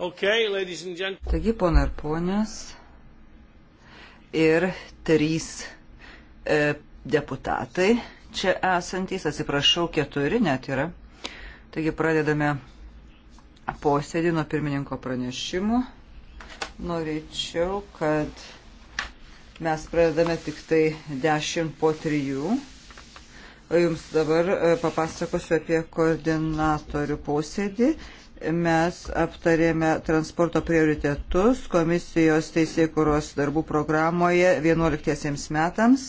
Okay, Taigi, pona ir ponios, ir trys e, deputatai čia esantys, atsiprašau, keturi net yra. Taigi pradedame posėdį nuo pirmininko pranešimų. Norėčiau, kad mes pradedame tik tai 10 po 3. Jums dabar e, papasakosiu apie koordinatorių posėdį mes aptarėme transporto prioritetus komisijos teisėkuros darbų programoje 11 metams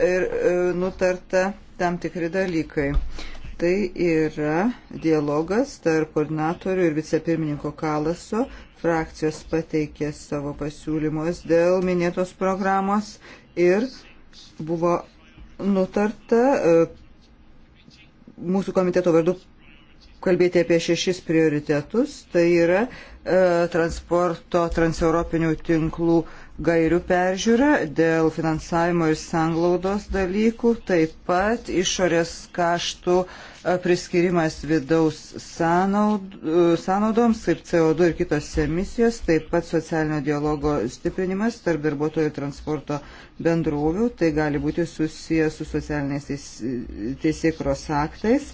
ir e, nutarta tam tikri dalykai. Tai yra dialogas tarp koordinatorių ir vicepirmininko Kalaso. Frakcijos pateikė savo pasiūlymus dėl minėtos programos ir buvo nutarta e, mūsų komiteto vardu kalbėti apie šešis prioritetus. Tai yra e, transporto transeuropinių tinklų gairių peržiūra dėl finansavimo ir sanglaudos dalykų, taip pat išorės kaštų e, priskirimas vidaus e, sąnaudoms, kaip CO2 ir kitos emisijos, taip pat socialinio dialogo stiprinimas tarp darbuotojų ir transporto bendrovių, tai gali būti susijęs su socialiniais teisėkros aktais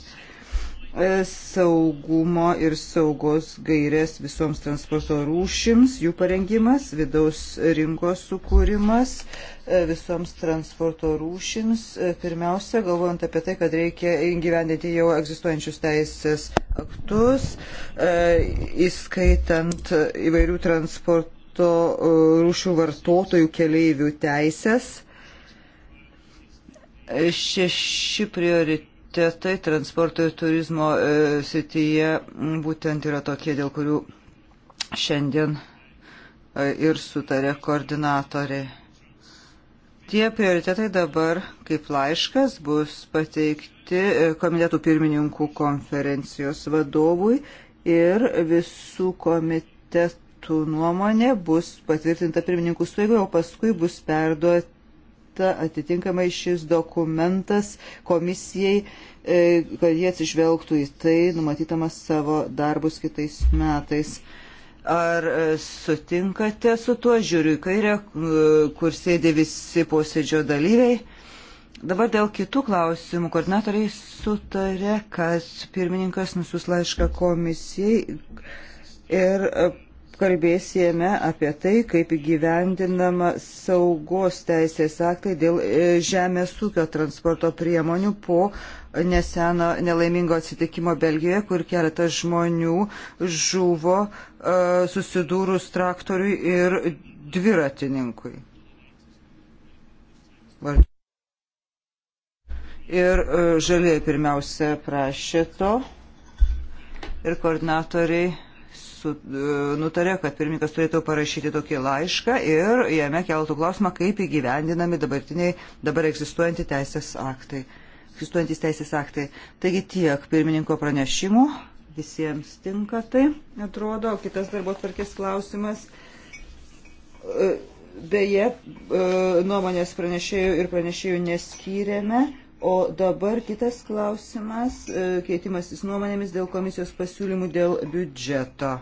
E, saugumo ir saugos gairės visoms transporto rūšims, jų parengimas, vidaus rinkos sukūrimas e, visoms transporto rūšims. E, pirmiausia, galvojant apie tai, kad reikia įgyvendinti jau egzistuojančius teisės aktus, įskaitant įvairių transporto rūšių vartotojų keleivių teisės. Šeši prioritetai prioritetai transporto ir turizmo e, sityje būtent yra tokie, dėl kurių šiandien e, ir sutarė koordinatoriai. Tie prioritetai dabar kaip laiškas bus pateikti e, komitetų pirmininkų konferencijos vadovui ir visų komitetų nuomonė bus patvirtinta pirmininkų suėgoje, o paskui bus perduoti skirta atitinkamai šis dokumentas komisijai, e, kad jie atsižvelgtų į tai, numatytamas savo darbus kitais metais. Ar e, sutinkate su tuo, žiūriu į kairę, e, kur sėdė visi posėdžio dalyviai? Dabar dėl kitų klausimų. Koordinatoriai sutarė, kad pirmininkas nusius laišką komisijai ir kalbėsime apie tai, kaip įgyvendinama saugos teisės aktai dėl e, žemės ūkio transporto priemonių po neseno nelaimingo atsitikimo Belgijoje, kur keletas žmonių žuvo e, susidūrus traktoriui ir dviratininkui. Ir e, žaliai pirmiausia prašė to ir koordinatoriai E, nutarė, kad pirmininkas turėtų parašyti tokį laišką ir jame keltų klausimą, kaip įgyvendinami dabartiniai, dabar egzistuojantys teisės aktai. Egzistuojantys teisės aktai. Taigi tiek pirmininko pranešimų, visiems tinka tai, atrodo. Kitas darbo tvarkės klausimas. E, beje, e, nuomonės pranešėjų ir pranešėjų neskyrėme. O dabar kitas klausimas - keitimasis nuomonėmis dėl komisijos pasiūlymų dėl biudžeto.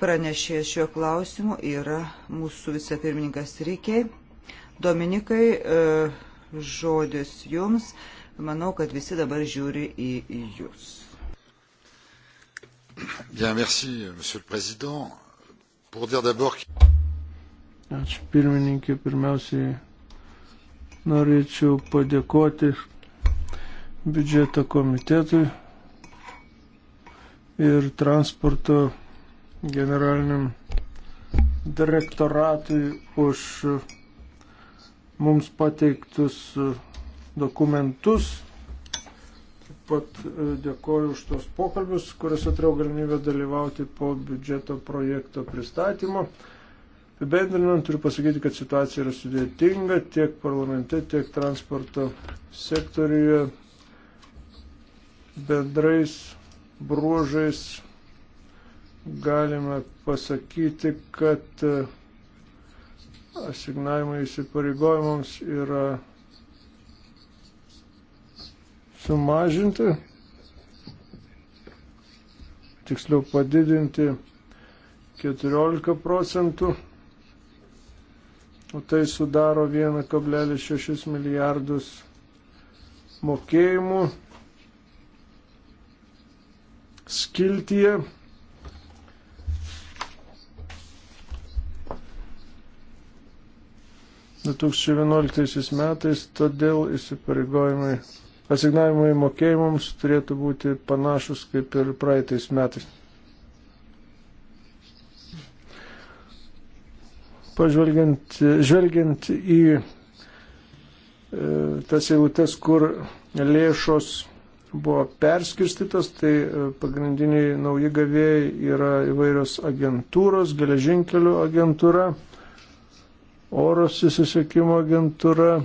Pranešėjas šiuo klausimu yra mūsų vicepirmininkas Rykiai. Dominikai, e, žodis jums. Manau, kad visi dabar žiūri į jūs. Bien, merci, monsieur le président. Pour dire d'abord... Ačiū pirmininkė, pirmiausiai norėčiau padėkoti biudžeto komitetui ir transporto generaliniam direktoratui už uh, mums pateiktus uh, dokumentus. Taip pat uh, dėkoju už tos pokalbius, kuriuose turėjau galimybę dalyvauti po biudžeto projekto pristatymo. Apibendrinant, turiu pasakyti, kad situacija yra sudėtinga tiek parlamente, tiek transporto sektoriuje bendrais bruožais galime pasakyti, kad e, asignavimai įsipareigojimams yra sumažinti, tiksliau padidinti 14 procentų, o tai sudaro 1,6 milijardus mokėjimų skiltyje. 2011 metais, todėl įsipareigojimai, asignavimai mokėjimams turėtų būti panašus kaip ir praeitais metais. Pažvelgiant žvelgiant į e, tas eilutes, kur lėšos buvo perskirstytas, tai e, pagrindiniai nauji gavėjai yra įvairios agentūros, geležinkelių agentūra oro susisiekimo agentūra,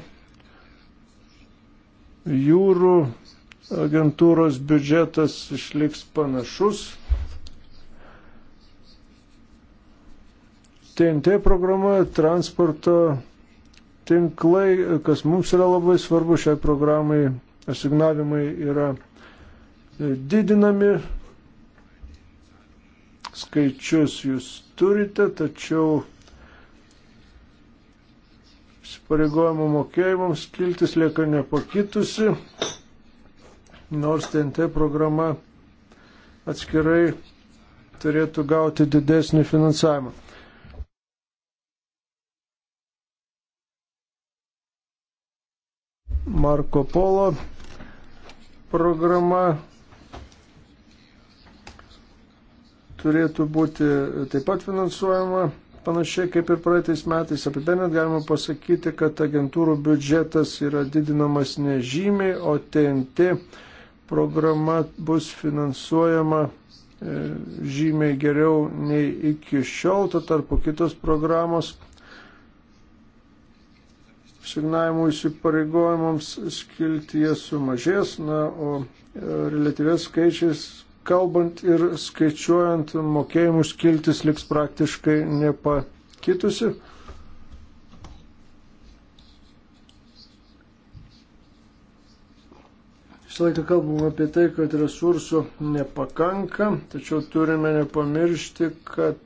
jūrų agentūros biudžetas išliks panašus. TNT programa, transporto tinklai, kas mums yra labai svarbu, šiai programai asignavimai yra didinami, skaičius jūs turite, tačiau Spareigojimo mokėjimams kiltis lieka nepakitusi, nors TNT programa atskirai turėtų gauti didesnį finansavimą. Marko Polo programa turėtų būti taip pat finansuojama Panašiai kaip ir praeitais metais, apibendrinant galima pasakyti, kad agentūrų biudžetas yra didinamas nežymiai, o TNT programa bus finansuojama e, žymiai geriau nei iki šiol, to tarpu kitos programos signavimų įsipareigojimams skiltyje sumažės, na, o e, relatyvės skaičiais kalbant ir skaičiuojant mokėjimus kiltis liks praktiškai nepakitusi. Visą laiką kalbam apie tai, kad resursų nepakanka, tačiau turime nepamiršti, kad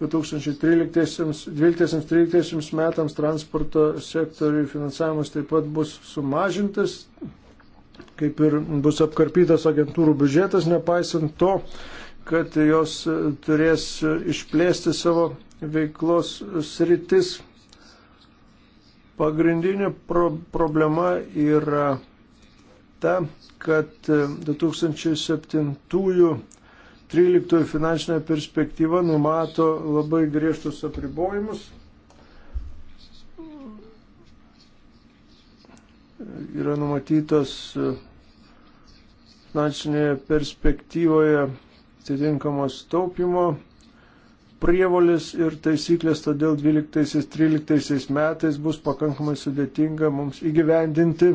2013-2013 e, metams transporto sektoriui finansavimas taip pat bus sumažintas, kaip ir bus apkarpytas agentūrų biudžetas, nepaisant to, kad jos e, turės e, išplėsti savo veiklos sritis. Pagrindinė pro problema yra ta, kad 2007-2013 e, finansinė perspektyva numato labai griežtus apribojimus yra numatytos e, finansinėje perspektyvoje atitinkamos taupimo prievolis ir taisyklės, todėl 12-13 metais bus pakankamai sudėtinga mums įgyvendinti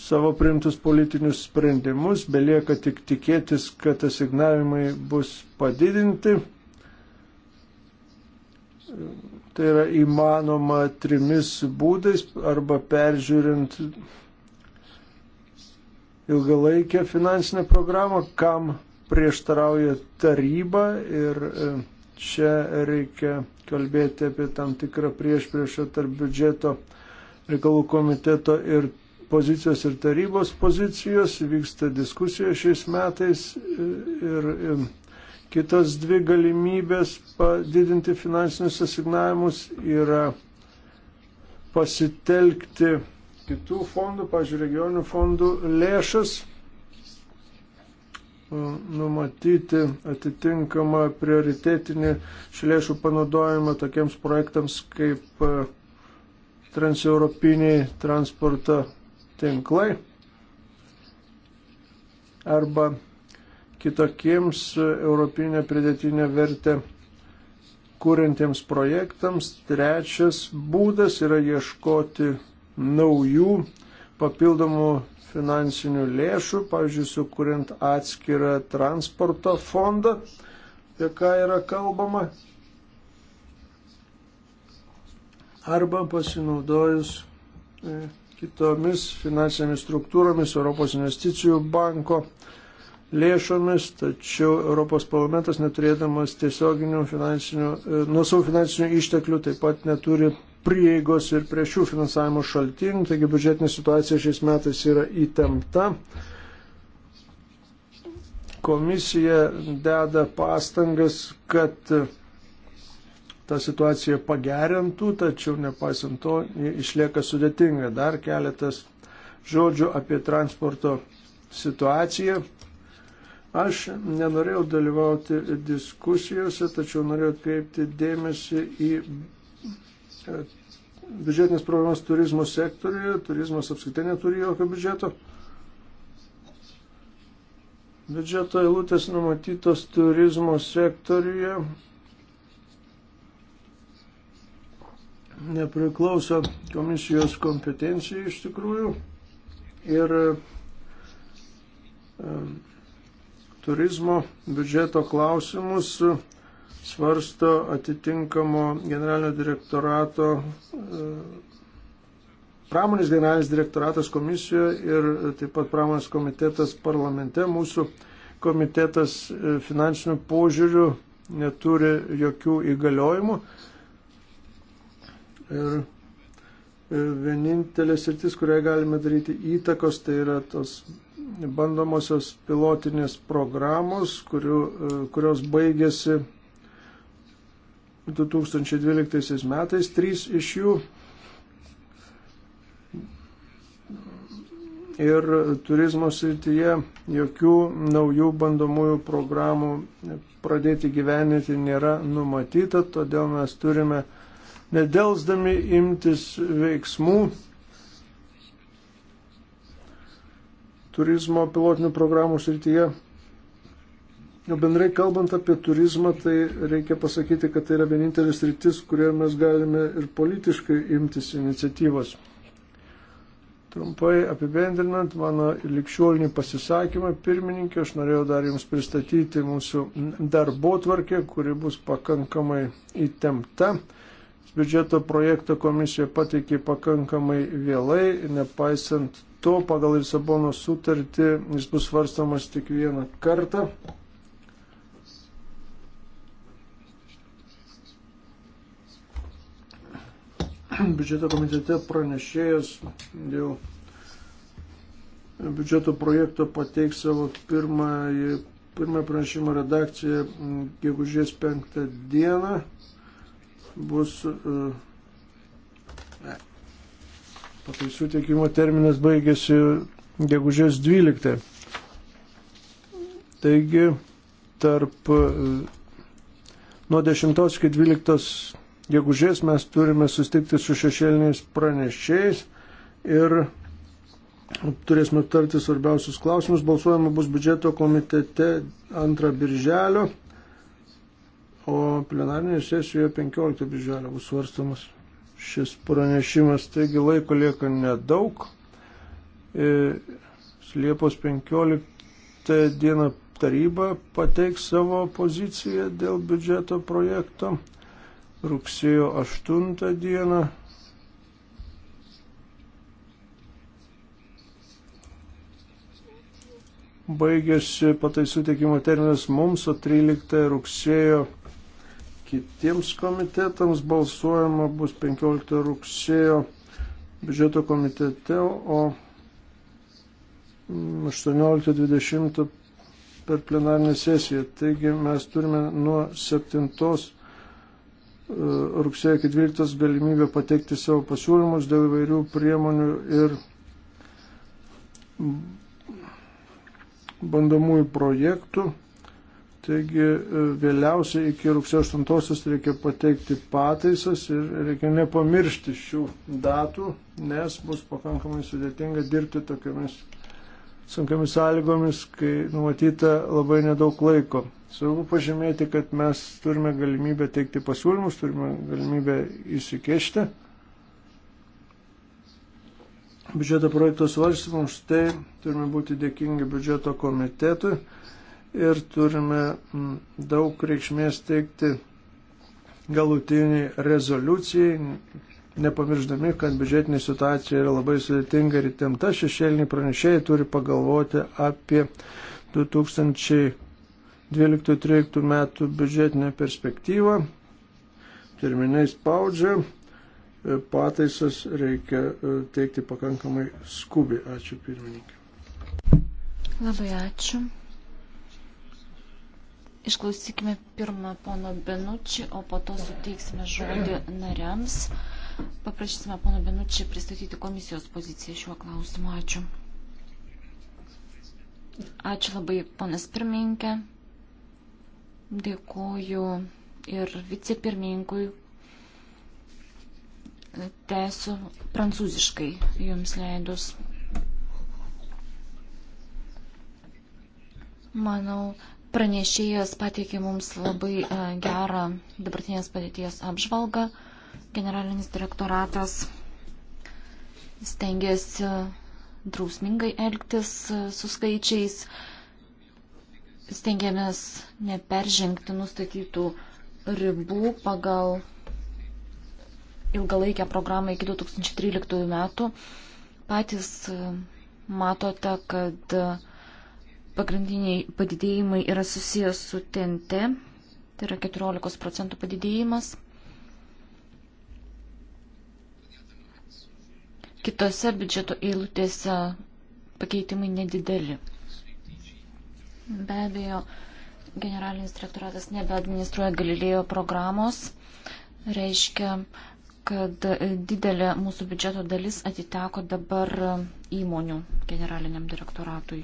savo primtus politinius sprendimus, belieka tik tikėtis, kad asignavimai bus padidinti Tai yra įmanoma trimis būdais arba peržiūrint ilgalaikę finansinę programą, kam prieštarauja taryba ir e, čia reikia kalbėti apie tam tikrą priešpriešą tarp biudžeto reikalų komiteto ir pozicijos ir tarybos pozicijos. Vyksta diskusija šiais metais e, ir, ir e, Kitos dvi galimybės padidinti finansinius asignavimus yra pasitelkti kitų fondų, pažiūrėjau, regioninių fondų lėšas, nu, numatyti atitinkamą prioritetinį šių lėšų panaudojimą tokiems projektams kaip e, transeuropiniai transporto tinklai arba kitokiems e, europinę pridėtinę vertę kūrentiems projektams. Trečias būdas yra ieškoti naujų papildomų finansinių lėšų, pavyzdžiui, sukuriant atskirą transporto fondą, apie ką yra kalbama, arba pasinaudojus e, kitomis finansinėmis struktūromis Europos investicijų banko lėšomis, tačiau Europos parlamentas neturėdamas tiesioginių finansinių, e, nuo savo finansinių išteklių taip pat neturi prieigos ir prie šių finansavimo šaltinių, taigi biudžetinė situacija šiais metais yra įtempta. Komisija deda pastangas, kad tą situaciją pagerintų, tačiau nepaisant to išlieka sudėtinga. Dar keletas žodžių apie transporto situaciją. Aš nenorėjau dalyvauti diskusijose, tačiau norėjau atkreipti dėmesį į e, biudžetinės problemas turizmo sektoriuje. Turizmas apskaitai neturi jokio biudžeto. Biudžeto eilutės numatytos turizmo sektoriuje nepriklauso komisijos kompetencijai iš tikrųjų. Ir um, turizmo biudžeto klausimus svarsto atitinkamo generalinio direktorato, e, pramonės generalinis direktoratas komisijoje ir taip pat pramonės komitetas parlamente. Mūsų komitetas e, finansinių požiūrių neturi jokių įgaliojimų. Ir e, vienintelė sritis, kurioje galime daryti įtakos, tai yra tos bandomosios pilotinės programos, kurių, e, kurios baigėsi 2012 metais. Trys iš jų ir turizmo srityje jokių naujų bandomųjų programų pradėti gyveninti nėra numatyta, todėl mes turime nedelsdami imtis veiksmų turizmo pilotinių programų srityje. Bendrai kalbant apie turizmą, tai reikia pasakyti, kad tai yra vienintelis rytis, kurioje mes galime ir politiškai imtis iniciatyvos. Trumpai apibendrinant mano likščiolinį pasisakymą, pirmininkė, aš norėjau dar Jums pristatyti mūsų darbo tvarkę, kuri bus pakankamai įtempta. Biudžeto projektą komisija pateikė pakankamai vėlai, nepaisant metu pagal Lisabono sutartį jis bus svarstamas tik vieną kartą. Biudžeto komitete pranešėjas dėl biudžeto projekto pateiks savo pirmąjį, pirmąją pranešimo redakciją gegužės penktą dieną. Bus uh, Pataisų teikimo terminas baigėsi gegužės 12. Taigi tarp e, nuo 10 iki 12 gegužės mes turime sustikti su šešėliniais pranešėjais ir turėsime aptarti svarbiausius klausimus. Balsuojama bus biudžeto komitete 2 birželio, o plenarinėje sesijoje 15 birželio bus svarstamas šis pranešimas, taigi laiko lieka nedaug. E, Liepos 15 dieną taryba pateiks savo poziciją dėl biudžeto projekto. Rugsėjo 8 dieną baigėsi pataisų teikimo terminas mums, o 13 rugsėjo Kitiems komitetams balsuojama bus 15 rugsėjo biudžeto komitete, o 18.20 per plenarinę sesiją. Taigi mes turime nuo 7 e, rugsėjo iki 12 galimybę pateikti savo pasiūlymus dėl įvairių priemonių ir bandomųjų projektų. Taigi e, vėliausiai iki rugsėjo 8 reikia pateikti pataisas ir reikia nepamiršti šių datų, nes bus pakankamai sudėtinga dirbti tokiamis sunkiamis sąlygomis, kai numatyta labai nedaug laiko. Svarbu pažymėti, kad mes turime galimybę teikti pasiūlymus, turime galimybę įsikešti biudžeto projekto svarstymams, tai turime būti dėkingi biudžeto komitetui ir turime mm, daug reikšmės teikti galutiniai rezoliucijai, nepamiršdami, kad biudžetinė situacija yra labai sudėtinga ir įtempta, šešėliniai pranešėjai turi pagalvoti apie 2012-2013 metų biudžetinę perspektyvą. Terminai spaudžia, pataisas reikia e, teikti pakankamai skubiai. Ačiū pirmininkai. Labai ačiū. Išklausykime pirmą pono Benučių, o po to suteiksime žodį nariams. Paprašysime pono Benučių pristatyti komisijos poziciją šiuo klausimu. Ačiū. Ačiū labai, ponas pirmininkė. Dėkoju ir vicepirmininkui. Tęsiu prancūziškai jums leidus. Manau, Pranešėjas pateikė mums labai e, gerą dabartinės padėties apžvalgą. Generalinis direktoratas stengiasi drausmingai elgtis e, su skaičiais. Stengiamės neperžengti nustatytų ribų pagal ilgalaikę programą iki 2013 metų. Patys e, matote, kad pagrindiniai padidėjimai yra susijęs su TNT, tai yra 14 procentų padidėjimas. Kitose biudžeto eilutėse pakeitimai nedideli. Be abejo, generalinis direktoratas nebeadministruoja Galilėjo programos, reiškia, kad didelė mūsų biudžeto dalis atiteko dabar įmonių generaliniam direktoratui.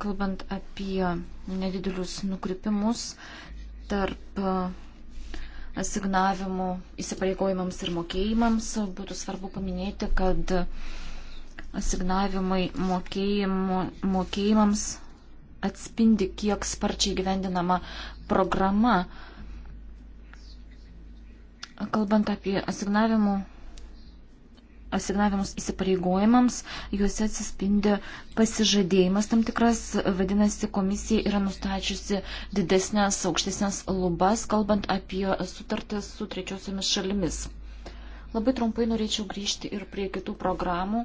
Kalbant apie nedidelius nukrypimus tarp asignavimų įsipareigojimams ir mokėjimams, būtų svarbu paminėti, kad asignavimai mokėjimų, mokėjimams atspindi, kiek sparčiai gyvendinama programa. Kalbant apie asignavimų asignavimus įsipareigojimams, juose atsispindi pasižadėjimas tam tikras, vadinasi, komisija yra nustačiusi didesnės, aukštesnės lubas, kalbant apie sutartis su trečiosiomis šalimis. Labai trumpai norėčiau grįžti ir prie kitų programų.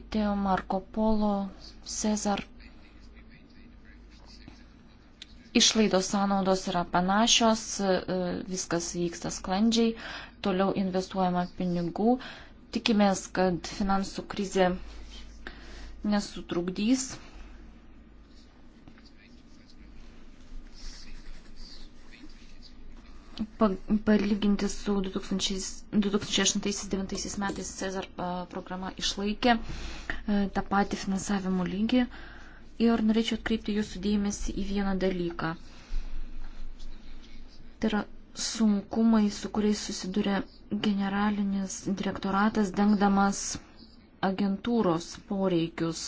Įtėjo e, Marko Polo, Cezar. Išlaidos sąnaudos yra panašios, e, viskas vyksta sklandžiai, toliau investuojama pinigų. Tikimės, kad finansų krizė nesutrukdys. Palyginti su 2008-2009 metais Cezar programa išlaikė tą patį finansavimo lygį ir norėčiau atkreipti jūsų dėmesį į vieną dalyką. Tai yra sunkumai, su kuriais susiduria generalinis direktoratas, dengdamas agentūros poreikius.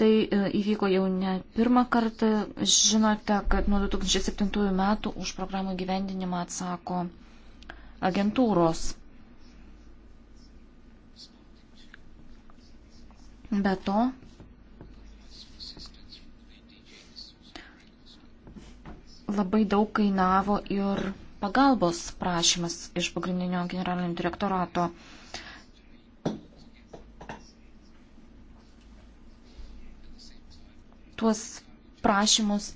Tai e, įvyko jau ne pirmą kartą. Žinote, kad nuo 2007 metų už programų gyvendinimą atsako agentūros. Be to, Labai daug kainavo ir pagalbos prašymas iš pagrindinio generalinio direktorato. Tuos prašymus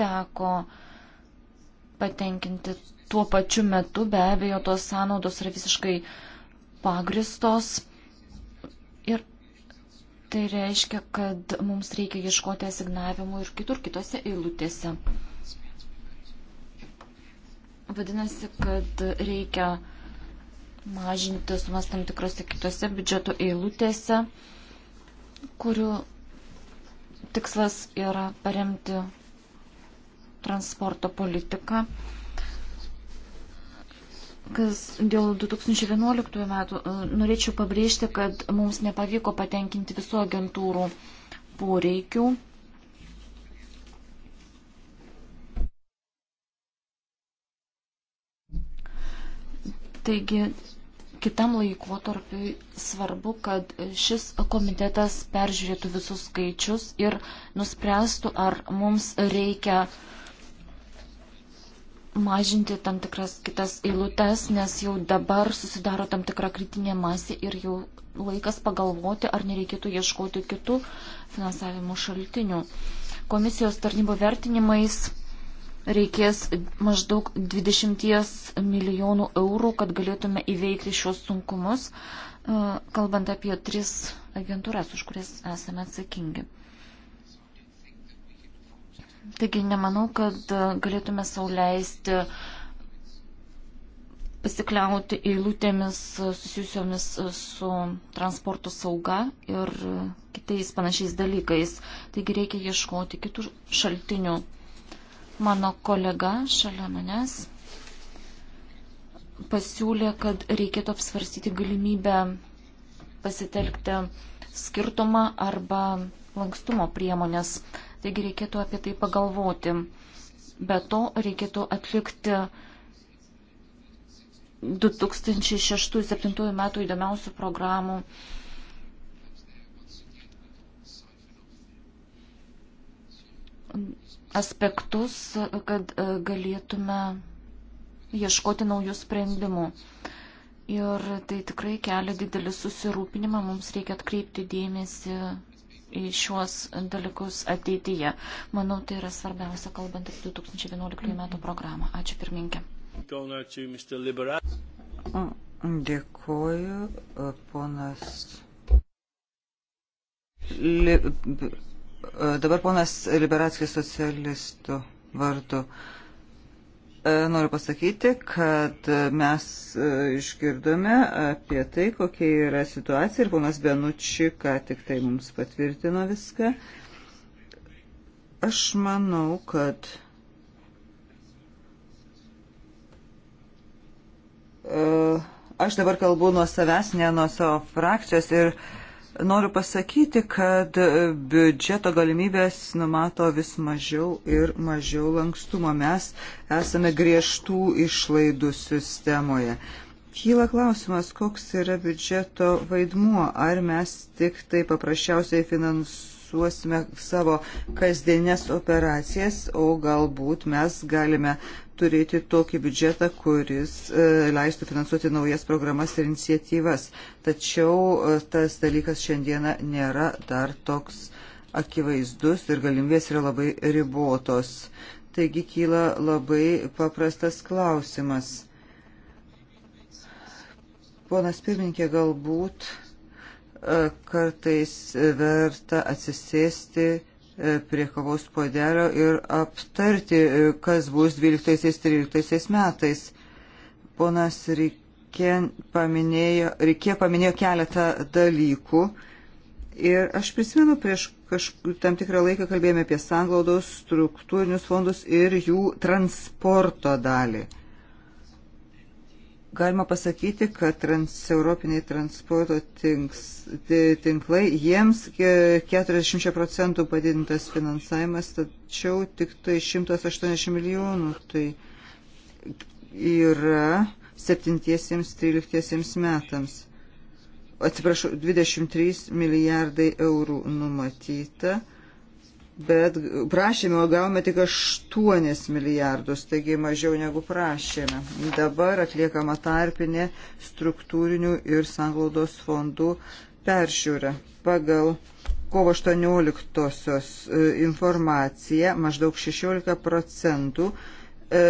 teko patenkinti tuo pačiu metu, be abejo, tos sąnaudos yra visiškai pagristos. Ir tai reiškia, kad mums reikia ieškoti asignavimų ir kitur kitose eilutėse. Vadinasi, kad reikia mažinti sumas tam tikrose kitose biudžeto eilutėse, kurių tikslas yra paremti transporto politiką. Kas dėl 2011 metų, e, norėčiau pabrėžti, kad mums nepavyko patenkinti visų agentūrų poreikių. Taigi kitam laikotarpiui svarbu, kad šis komitetas peržiūrėtų visus skaičius ir nuspręstų, ar mums reikia mažinti tam tikras kitas eilutes, nes jau dabar susidaro tam tikra kritinė masė ir jau laikas pagalvoti, ar nereikėtų ieškoti kitų finansavimo šaltinių. Komisijos tarnybų vertinimais reikės maždaug 20 milijonų eurų, kad galėtume įveikti šios sunkumus, e, kalbant apie tris agentūras, už kurias esame atsakingi. Taigi nemanau, kad e, galėtume sauliaisti pasikliauti eilutėmis susijusiomis su transporto sauga ir kitais panašiais dalykais. Taigi reikia ieškoti kitų šaltinių Mano kolega šalia manęs pasiūlė, kad reikėtų apsvarstyti galimybę pasitelkti skirtumą arba lankstumo priemonės. Taigi reikėtų apie tai pagalvoti. Be to reikėtų atlikti 2006-2007 metų įdomiausių programų aspektus, kad e, galėtume ieškoti naujų sprendimų. Ir tai tikrai kelia didelį susirūpinimą, mums reikia atkreipti dėmesį į šiuos dalykus ateityje. Manau, tai yra svarbiausia, kalbant apie 2011 metų programą. Ačiū pirminkė. Dėkuoju, ponas. Li... E, dabar ponas Liberatskis socialistų vardu. E, noriu pasakyti, kad mes e, išgirdome apie tai, kokia yra situacija ir ponas Benuči, ką tik tai mums patvirtino viską. Aš manau, kad aš dabar kalbu nuo savęs, ne nuo savo frakcijos ir uh, Noriu pasakyti, kad biudžeto galimybės numato vis mažiau ir mažiau lankstumo. Mes esame griežtų išlaidų sistemoje. Kyla klausimas, koks yra biudžeto vaidmuo, ar mes tik tai paprasčiausiai finansuojame finansuosime savo kasdienės operacijas, o galbūt mes galime turėti tokį biudžetą, kuris e, leistų finansuoti naujas programas ir iniciatyvas. Tačiau e, tas dalykas šiandieną nėra dar toks akivaizdus ir galimybės yra labai ribotos. Taigi kyla labai paprastas klausimas. Ponas pirmininkė, galbūt kartais verta atsisėsti e, prie kavos podelio ir aptarti, e, kas bus 12-13 metais. Ponas Rikė paminėjo, Rikė paminėjo keletą dalykų ir aš prisimenu prieš kažkur tam tikrą laiką kalbėjome apie sanglaudos struktūrinius fondus ir jų transporto dalį galima pasakyti, kad transeuropiniai transporto tinks, tinklai, jiems 40 procentų padidintas finansavimas, tačiau tik tai 180 milijonų. Tai yra 7-13 metams. Atsiprašau, 23 milijardai eurų numatyta bet prašėme, o gavome tik 8 milijardus, taigi mažiau negu prašėme. Dabar atliekama tarpinė struktūrinių ir sanglaudos fondų peržiūra. Pagal kovo 18-osios e, informaciją maždaug 16 procentų e,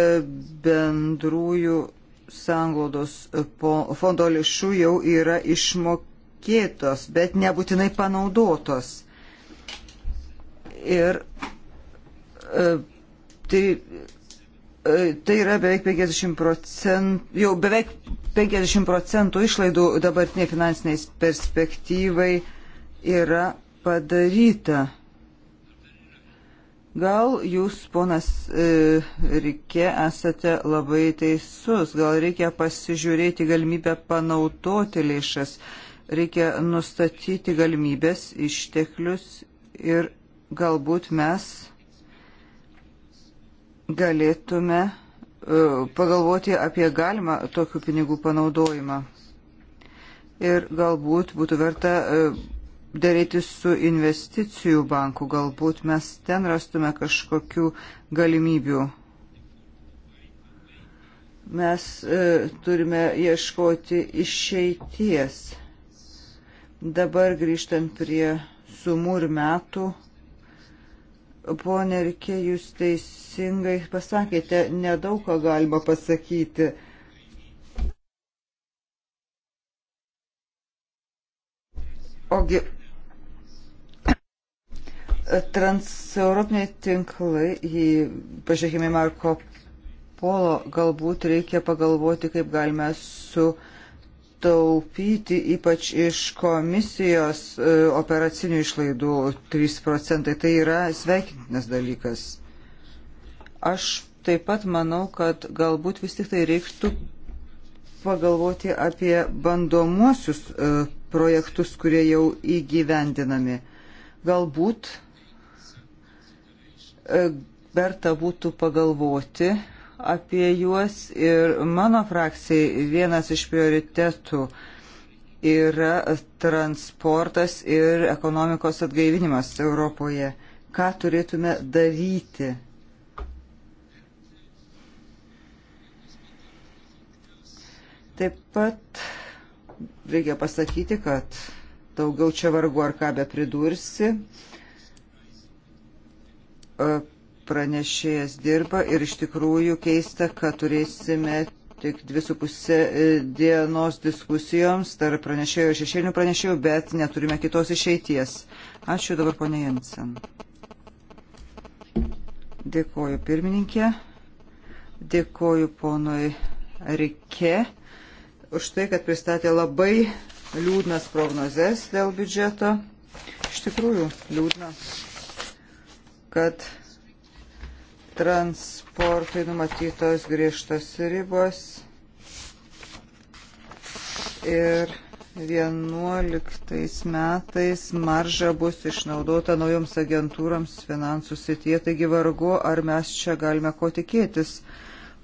bendrųjų sanglaudos e, fondo lėšų jau yra išmokėtos, bet nebūtinai panaudotos Ir e, tai, e, tai yra beveik 50 procentų, jau beveik 50 procentų išlaidų dabartiniai finansiniais perspektyvai yra padaryta. Gal jūs, ponas e, Rikė, esate labai teisus, gal reikia pasižiūrėti galimybę panaudoti lėšas, reikia nustatyti galimybės, išteklius ir galbūt mes galėtume e, pagalvoti apie galimą tokių pinigų panaudojimą. Ir galbūt būtų verta e, daryti su investicijų banku, galbūt mes ten rastume kažkokių galimybių. Mes e, turime ieškoti išeities. Dabar grįžtant prie sumų ir metų Pone Rikė, jūs teisingai pasakėte, nedaug ką galima pasakyti. Ogi, transeuropiniai tinklai, jei pažiūrėkime Marko Polo, galbūt reikia pagalvoti, kaip galime su uh, taupyti ypač iš komisijos e, operacinių išlaidų 3 procentai. Tai yra sveikintinas dalykas. Aš taip pat manau, kad galbūt vis tik tai reiktų pagalvoti apie bandomuosius e, projektus, kurie jau įgyvendinami. Galbūt e, verta būtų pagalvoti apie juos ir mano frakcijai vienas iš prioritetų yra transportas ir ekonomikos atgaivinimas Europoje. Ką turėtume daryti? Taip pat reikia pasakyti, kad daugiau čia vargu ar ką be pridursi pranešėjas dirba ir iš tikrųjų keista, kad turėsime tik dvi su pusė e, dienos diskusijoms tarp pranešėjo ir šešėlinių pranešėjų, bet neturime kitos išeities. Ačiū dabar ponė Jensen. Dėkoju pirmininkė, dėkoju ponui Rike už tai, kad pristatė labai liūdnas prognozes dėl biudžeto. Iš tikrųjų, liūdna, kad transportui numatytos griežtos ribos ir 11 metais marža bus išnaudota naujoms agentūroms finansų sityje, taigi vargu, ar mes čia galime ko tikėtis.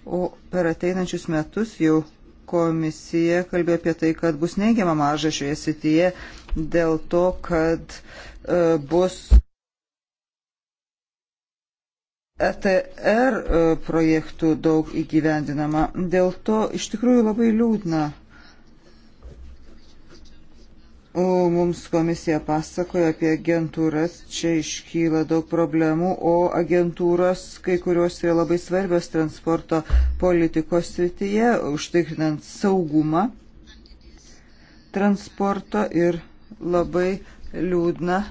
O per ateinančius metus jau komisija kalbėjo apie tai, kad bus neigiama marža šioje sityje dėl to, kad e, bus ETR e, projektų daug įgyvendinama. Dėl to iš tikrųjų labai liūdna. O mums komisija pasakoja apie agentūras, čia iškyla daug problemų, o agentūros kai kurios yra labai svarbios transporto politikos srityje, užtikrinant saugumą transporto ir labai liūdna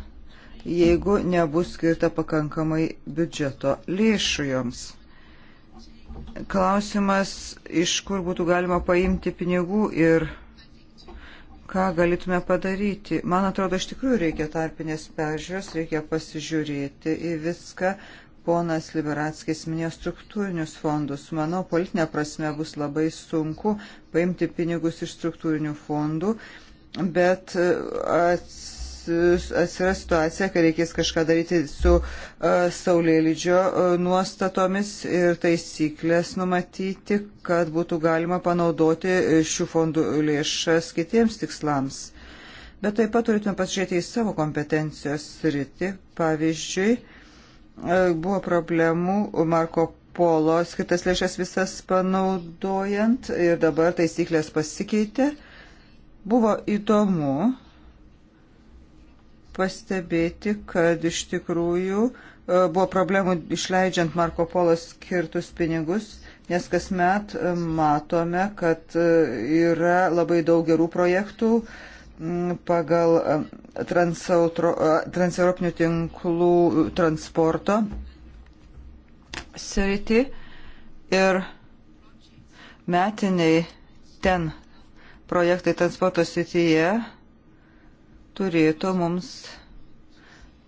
jeigu nebus skirta pakankamai biudžeto lėšų joms. Klausimas, iš kur būtų galima paimti pinigų ir ką galėtume padaryti. Man atrodo, iš tikrųjų reikia tarpinės peržiūros, reikia pasižiūrėti į viską. Ponas Liberatskis minėjo struktūrinius fondus. Manau, politinė prasme bus labai sunku paimti pinigus iš struktūrinių fondų, bet ats atsiras situacija, kai reikės kažką daryti su e, saulėlydžio e, nuostatomis ir taisyklės numatyti, kad būtų galima panaudoti e, šių fondų lėšas kitiems tikslams. Bet taip pat turėtume pasižiūrėti į savo kompetencijos sritį. Pavyzdžiui, buvo problemų Marko Polo skirtas lėšas visas panaudojant ir dabar taisyklės pasikeitė. Buvo įdomu pastebėti, kad iš tikrųjų e, buvo problemų išleidžiant Marko Polo skirtus pinigus, nes kasmet e, matome, kad e, yra labai daug gerų projektų pagal transeuropinių tinklų transporto sritį ir metiniai ten projektai transporto srityje turėtų mums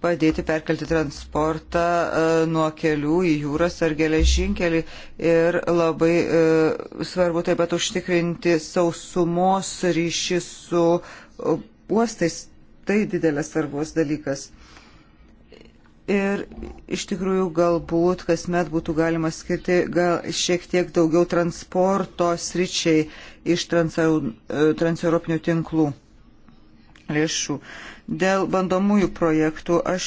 padėti perkelti transportą e, nuo kelių į jūras ar geležinkelį ir labai e, svarbu taip pat užtikrinti sausumos ryšį su e, uostais. Tai didelės svarbos dalykas. Ir iš tikrųjų galbūt kasmet būtų galima skirti gal šiek tiek daugiau transporto sričiai iš transeuropinių tinklų lėšų. Dėl bandomųjų projektų aš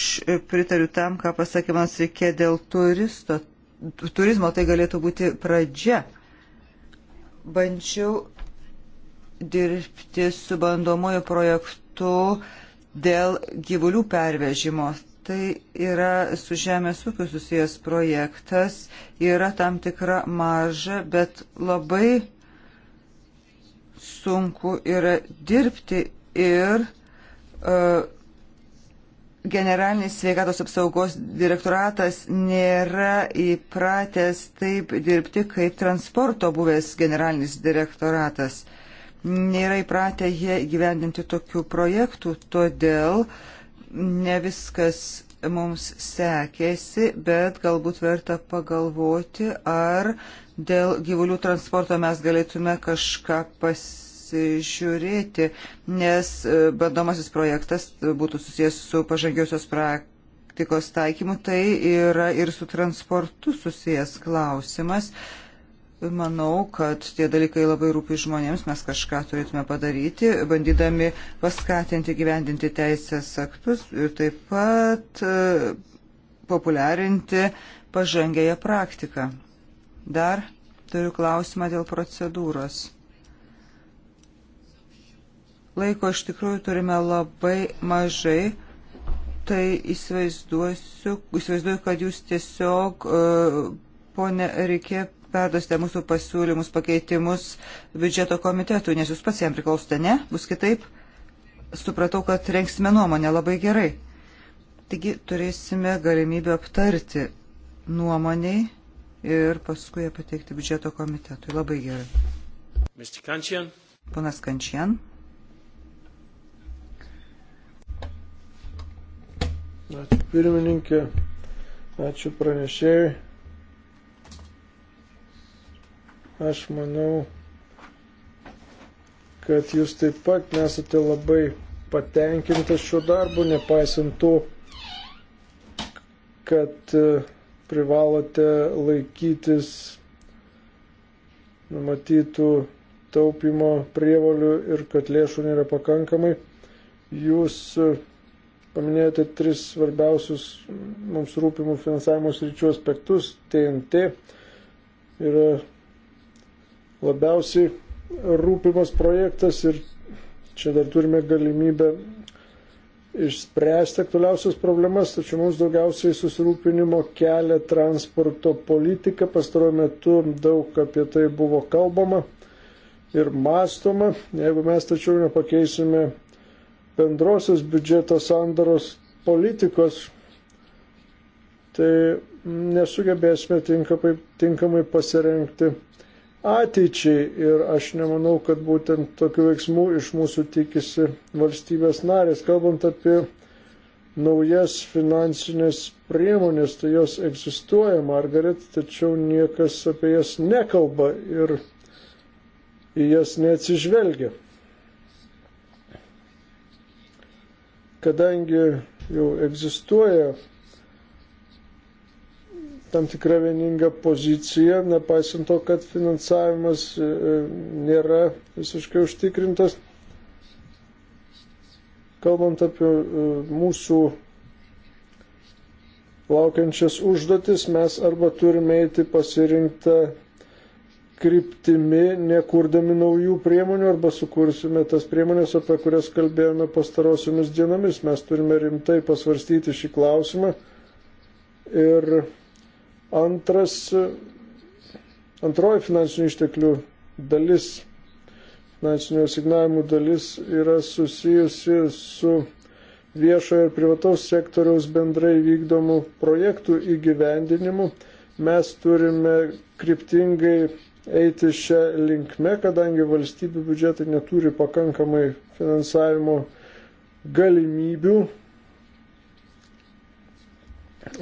pritariu tam, ką pasakė man reikė dėl turisto, turizmo, tai galėtų būti pradžia. Bandžiau dirbti su bandomuoju projektu dėl gyvulių pervežimo. Tai yra su žemės ūkiu susijęs projektas, yra tam tikra marža, bet labai sunku yra dirbti ir uh, generalinis sveikatos apsaugos direktoratas nėra įpratęs taip dirbti kaip transporto buvęs generalinis direktoratas. Nėra įpratę jie gyvendinti tokių projektų, todėl ne viskas mums sekėsi, bet galbūt verta pagalvoti, ar dėl gyvulių transporto mes galėtume kažką pasiekti pasižiūrėti, nes e, bandomasis projektas būtų susijęs su pažangiosios praktikos taikymu, tai yra ir su transportu susijęs klausimas. Manau, kad tie dalykai labai rūpi žmonėms, mes kažką turėtume padaryti, bandydami paskatinti gyvendinti teisės aktus ir taip pat e, populiarinti pažangėją praktiką. Dar turiu klausimą dėl procedūros. Laiko iš tikrųjų turime labai mažai. Tai įsivaizduosiu, įsivaizduoju, kad jūs tiesiog, e, ponė, reikia perdosite mūsų pasiūlymus, pakeitimus biudžeto komitetui, nes jūs pats jam priklausote, ne? Bus kitaip? Supratau, kad rengsime nuomonę labai gerai. Taigi turėsime galimybę aptarti nuomoniai ir paskui ją pateikti biudžeto komitetui. Labai gerai. Ponas Kančian. Ačiū pirmininkė, ačiū pranešėjai. Aš manau, kad jūs taip pat nesate labai patenkintas šiuo darbu, nepaisant to, kad e, privalote laikytis numatytų taupimo prievalių ir kad lėšų nėra pakankamai. Jūs e, paminėjote tris svarbiausius mums rūpimų finansavimo sričių aspektus. TNT yra labiausiai rūpimas projektas ir čia dar turime galimybę išspręsti aktualiausias problemas, tačiau mums daugiausiai susirūpinimo kelia transporto politika. Pastaruoju metu daug apie tai buvo kalbama ir mastoma. Jeigu mes tačiau nepakeisime bendrosios biudžeto sandaros politikos, tai nesugebėsime tinkamai, tinkamai pasirengti ateičiai ir aš nemanau, kad būtent tokių veiksmų iš mūsų tikisi valstybės narės. Kalbant apie naujas finansinės priemonės, tai jos egzistuoja Margaret, tačiau niekas apie jas nekalba ir į jas neatsižvelgia. kadangi jau egzistuoja tam tikra vieninga pozicija, nepaisant to, kad finansavimas e, e, nėra visiškai užtikrintas. Kalbant apie e, mūsų laukiančias užduotis, mes arba turime eiti pasirinktą kryptimi, nekurdami naujų priemonių arba sukursime tas priemonės, apie kurias kalbėjome pastarosiomis dienomis. Mes turime rimtai pasvarstyti šį klausimą. Ir antras, antroji finansinių išteklių dalis, finansinių asignavimų dalis yra susijusi su viešojo ir privataus sektoriaus bendrai vykdomų projektų įgyvendinimu. Mes turime kryptingai eiti šią linkmę, kadangi valstybių biudžetai neturi pakankamai finansavimo galimybių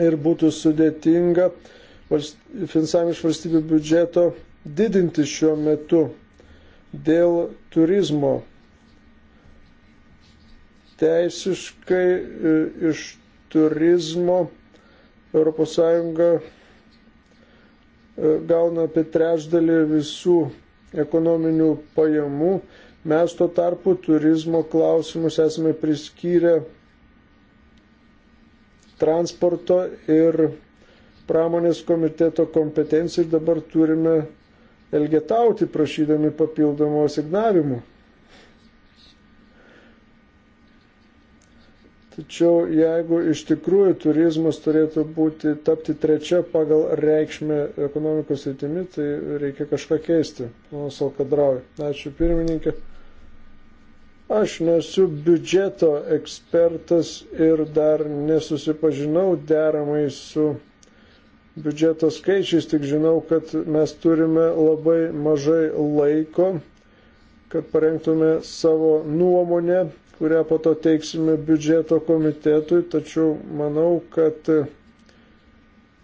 ir būtų sudėtinga finansavimą iš valstybių biudžeto didinti šiuo metu dėl turizmo. Teisiškai e, iš turizmo ES E, gauna apie trečdalį visų ekonominių pajamų. Mes tuo tarpu turizmo klausimus esame priskyrę transporto ir pramonės komiteto kompetencijai ir dabar turime elgetauti prašydami papildomų asignavimų. Tačiau jeigu iš tikrųjų turizmas turėtų būti, tapti trečia pagal reikšmę ekonomikos rytimi, tai reikia kažką keisti. Ponas Alkadrauja. Ačiū pirmininkė. Aš nesu biudžeto ekspertas ir dar nesusipažinau deramai su biudžeto skaičiais, tik žinau, kad mes turime labai mažai laiko, kad parengtume savo nuomonę kurią po to teiksime biudžeto komitetui, tačiau manau, kad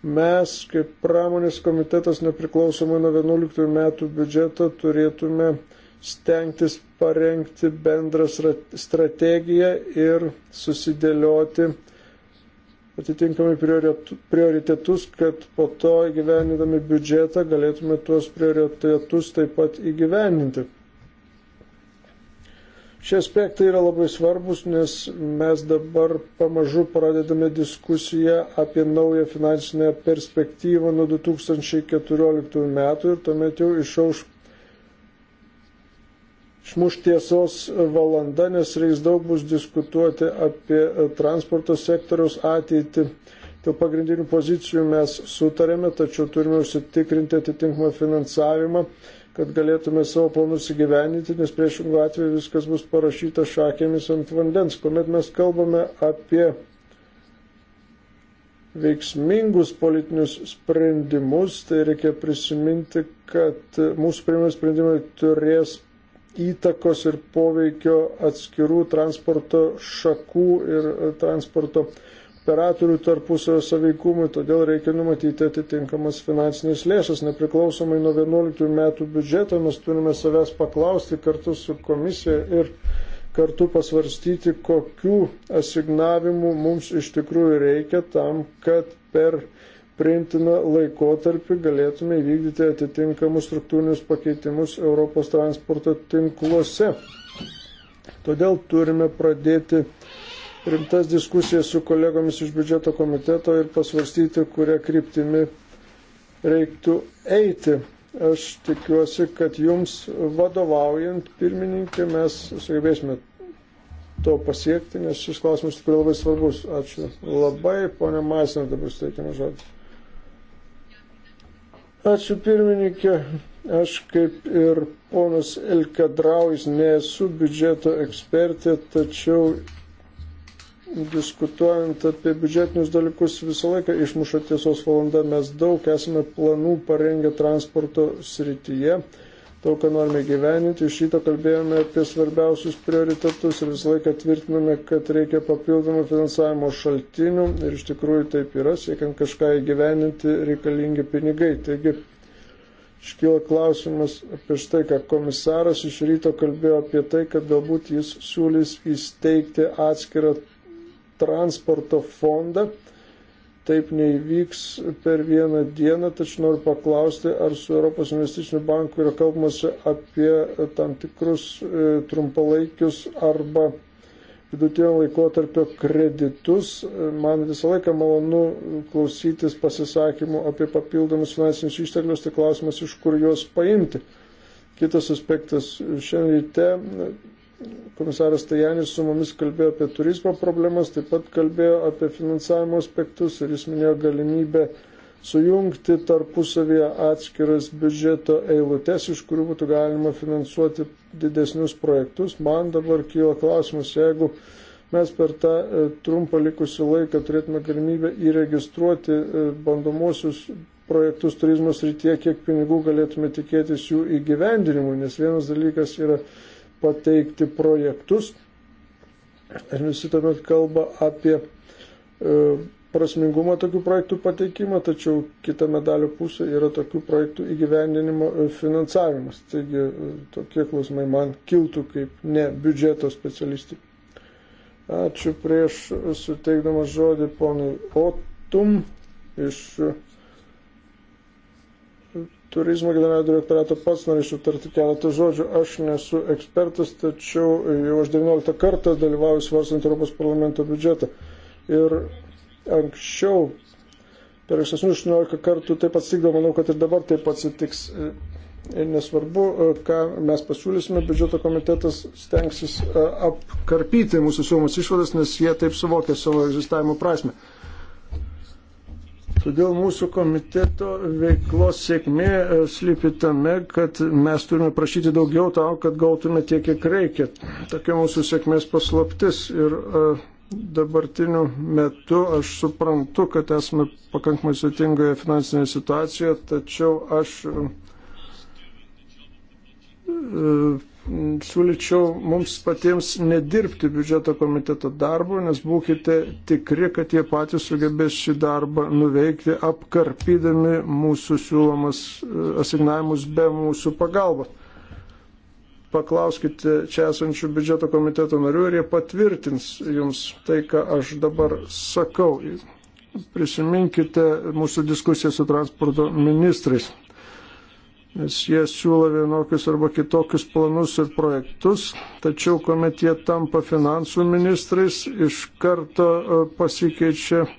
mes kaip pramonės komitetas nepriklausomai nuo 11 metų biudžeto turėtume stengtis parengti bendrą strategiją ir susidėlioti atitinkamai prioritetus, kad po to įgyvenindami biudžetą galėtume tuos prioritetus taip pat įgyveninti. Šie aspektai yra labai svarbus, nes mes dabar pamažu pradedame diskusiją apie naują finansinę perspektyvą nuo 2014 metų ir tuomet jau išauš šmuš tiesos valanda, nes reiks daug bus diskutuoti apie transporto sektoriaus ateitį. Dėl pagrindinių pozicijų mes sutarėme, tačiau turime užsitikrinti atitinkamą finansavimą kad galėtume savo planus įgyveninti, nes priešingų atveju viskas bus parašyta šakėmis ant vandens. Komet mes kalbame apie veiksmingus politinius sprendimus, tai reikia prisiminti, kad mūsų priimami sprendimai turės įtakos ir poveikio atskirų transporto šakų ir transporto uh, operatorių tarpusio saveikumui, todėl reikia numatyti atitinkamas finansinės lėšas. Nepriklausomai nuo 11 metų biudžeto mes turime savęs paklausti kartu su komisija ir kartu pasvarstyti, kokių asignavimų mums iš tikrųjų reikia tam, kad per priimtiną laikotarpį galėtume įvykdyti atitinkamus struktūrinius pakeitimus Europos transporto tinkluose. Todėl turime pradėti rimtas diskusijas su kolegomis iš biudžeto komiteto ir pasvarstyti, kurią kryptimi reiktų eiti. Aš tikiuosi, kad jums vadovaujant pirmininkė mes sugebėsime to pasiekti, nes šis klausimas tikrai labai svarbus. Ačiū. Labai, ponia Maisina, dabar steikime žodį. Ačiū pirmininkė. Aš kaip ir ponas Elkadraujs nesu biudžeto ekspertė, tačiau diskutuojant apie biudžetinius dalykus visą laiką išmuša tiesos valanda. Mes daug esame planų parengę transporto srityje, daug ką norime gyveninti. Iš ryto kalbėjome apie svarbiausius prioritetus ir visą laiką tvirtiname, kad reikia papildomų finansavimo šaltinių ir iš tikrųjų taip yra, siekiant kažką įgyveninti reikalingi pinigai. Taigi, iškyla klausimas apie štai, ką komisaras iš ryto kalbėjo apie tai, kad galbūt jis siūlys įsteigti atskirą transporto fondą. Taip neįvyks per vieną dieną, tačiau noriu paklausti, ar su Europos investiciniu banku yra kalbamasi apie tam tikrus e, trumpalaikius arba vidutinio laikotarpio kreditus. Man visą laiką malonu klausytis pasisakymų apie papildomus finansinius išteklius, tai klausimas, iš kur juos paimti. Kitas aspektas. Šiandien ryte komisaras Tajanis su mumis kalbėjo apie turizmo problemas, taip pat kalbėjo apie finansavimo aspektus ir jis minėjo galimybę sujungti tarpusavėje atskiras biudžeto eilutes, iš kurių būtų galima finansuoti didesnius projektus. Man dabar kyla klausimas, jeigu mes per tą e, trumpą likusią laiką turėtume galimybę įregistruoti e, bandomosius projektus turizmo srityje, kiek pinigų galėtume tikėtis jų įgyvendinimui, nes vienas dalykas yra pateikti projektus. Ir visi tuomet kalba apie e, prasmingumą tokių projektų pateikimą, tačiau kita medalio pusė yra tokių projektų įgyvendinimo e, finansavimas. Taigi e, tokie klausimai man kiltų kaip ne biudžeto specialistai. Ačiū prieš suteikdamas žodį ponui Otum iš turizmo generalinio direktorato pats norėčiau tarti keletą žodžių. Aš nesu ekspertas, tačiau jau aš 19 kartą dalyvauju svarstant Europos parlamento biudžetą. Ir anksčiau, per ankstesnių 18 kartų taip atsitikdavo, manau, kad ir dabar taip atsitiks. Ir nesvarbu, ką mes pasiūlysime, biudžeto komitetas stengsis apkarpyti mūsų siūlomas išvadas, nes jie taip suvokia savo egzistavimo prasme. Todėl mūsų komiteto veiklos sėkmė e, slypi tame, kad mes turime prašyti daugiau tau, kad gautume tiek, kiek reikia. Tokia mūsų sėkmės paslaptis. Ir e, dabartiniu metu aš suprantu, kad esame pakankamai sutingoje finansinėje situacijoje, tačiau aš e, Mm, siūlyčiau mums patiems nedirbti biudžeto komiteto darbo, nes būkite tikri, kad jie patys sugebės šį darbą nuveikti, apkarpydami mūsų siūlomas e, asignavimus be mūsų pagalbos. Paklauskite čia esančių biudžeto komiteto narių ir jie patvirtins jums tai, ką aš dabar sakau. Prisiminkite mūsų diskusiją su transporto ministrais nes jie siūlo vienokius arba kitokius planus ir projektus, tačiau kuomet jie tampa finansų ministrais, iš karto e, pasikeičia e,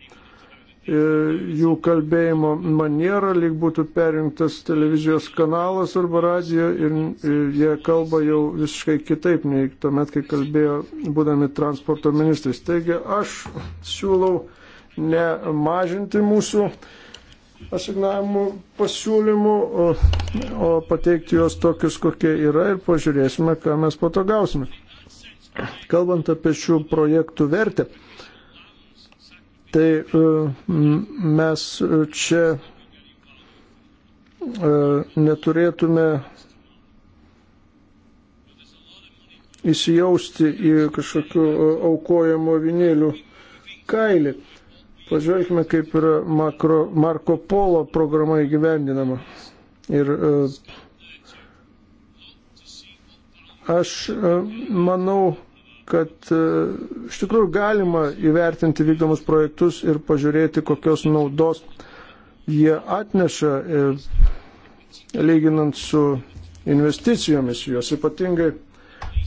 jų kalbėjimo maniera, lyg būtų perrinktas televizijos kanalas arba radio ir e, jie kalba jau visiškai kitaip nei tuomet, kai kalbėjo būdami transporto ministrais. Taigi aš siūlau nemažinti mūsų uh, asignavimų pasiūlymų, o pateikti juos tokius, kokie yra ir pažiūrėsime, ką mes po to gausime. Kalbant apie šių projektų vertę, tai e, mes e, čia e, neturėtume įsijausti į kažkokių aukojamo vinėlių kailį Pažvelkime, kaip yra makro, Marko Polo programa įgyvendinama. Ir e, aš e, manau, kad e, iš tikrųjų galima įvertinti vykdomus projektus ir pažiūrėti, kokios naudos jie atneša, lyginant su investicijomis juos ypatingai.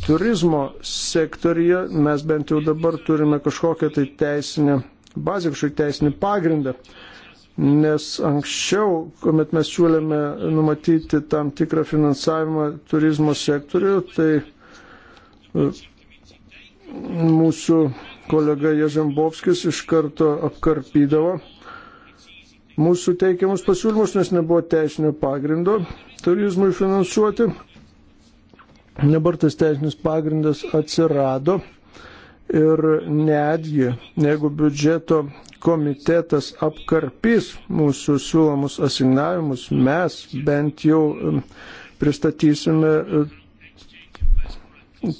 Turizmo sektorija mes bent jau dabar turime kažkokią tai teisinę bazę, kažkokį teisinį pagrindą. Nes anksčiau, kuomet mes siūlėme numatyti tam tikrą finansavimą turizmo sektoriu, tai e, mūsų kolega Ježembovskis iš karto apkarpydavo mūsų teikiamus pasiūlymus, nes nebuvo teisinio pagrindo turizmui finansuoti. Dabar tas teisinis pagrindas atsirado ir netgi jeigu biudžeto komitetas apkarpys mūsų siūlomus asignavimus, mes bent jau pristatysime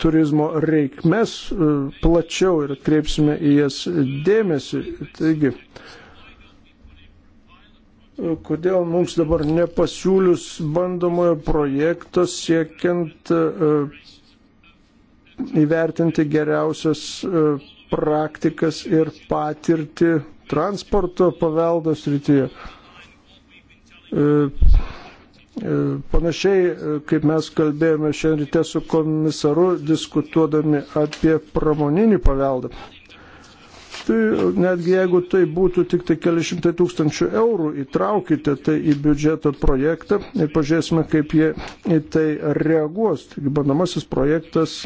turizmo reikmes e, plačiau ir atkreipsime į jas dėmesį. Taigi, e, kodėl mums dabar nepasiūlius bandomojo projekto siekiant e, įvertinti geriausias e, praktikas ir patirtį transporto paveldo srityje. E, e, panašiai, kaip mes kalbėjome šiandien ryte su komisaru, diskutuodami apie pramoninį paveldą maistui, netgi jeigu tai būtų tik tai keli šimtai tūkstančių eurų, įtraukite tai į biudžeto projektą ir pažiūrėsime, kaip jie į tai reaguos. Taigi bandomasis projektas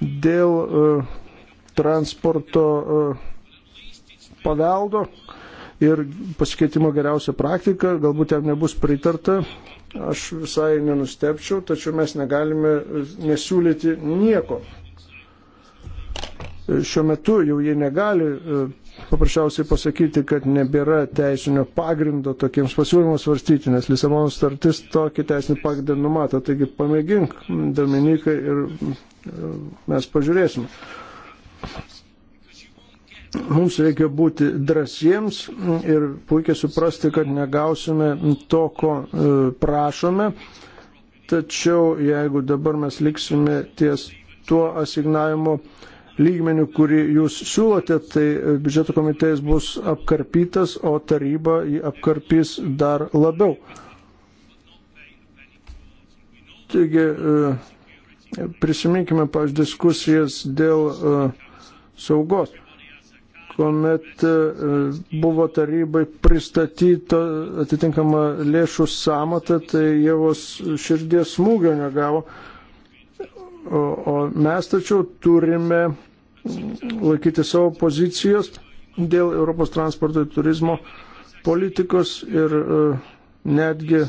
dėl uh, transporto uh, paveldo ir pasikeitimo geriausia praktika, galbūt jam nebus pritarta, aš visai nenustepčiau, tačiau mes negalime e, nesiūlyti nieko šiuo metu jau jie negali e, paprasčiausiai pasakyti, kad nebėra teisinio pagrindo tokiems pasiūlymams svarstyti, nes Lisabono startis tokį teisinį pagrindą numato. Taigi pamėgink, Dominikai, ir e, mes pažiūrėsime. Mums reikia būti drąsiems ir puikiai suprasti, kad negausime to, ko e, prašome. Tačiau jeigu dabar mes liksime ties tuo asignavimo uh, lygmenių, kurį jūs siūlote, tai e, biudžeto komitetas bus apkarpytas, o taryba jį apkarpys dar labiau. Taigi, e, prisiminkime, pavyzdžiui, diskusijas dėl e, saugos kuomet buvo tarybai pristatyta atitinkama lėšų samata, tai jėvos širdies smūgio negavo. O, o mes tačiau turime laikyti savo pozicijos dėl Europos transporto ir turizmo politikos ir e, netgi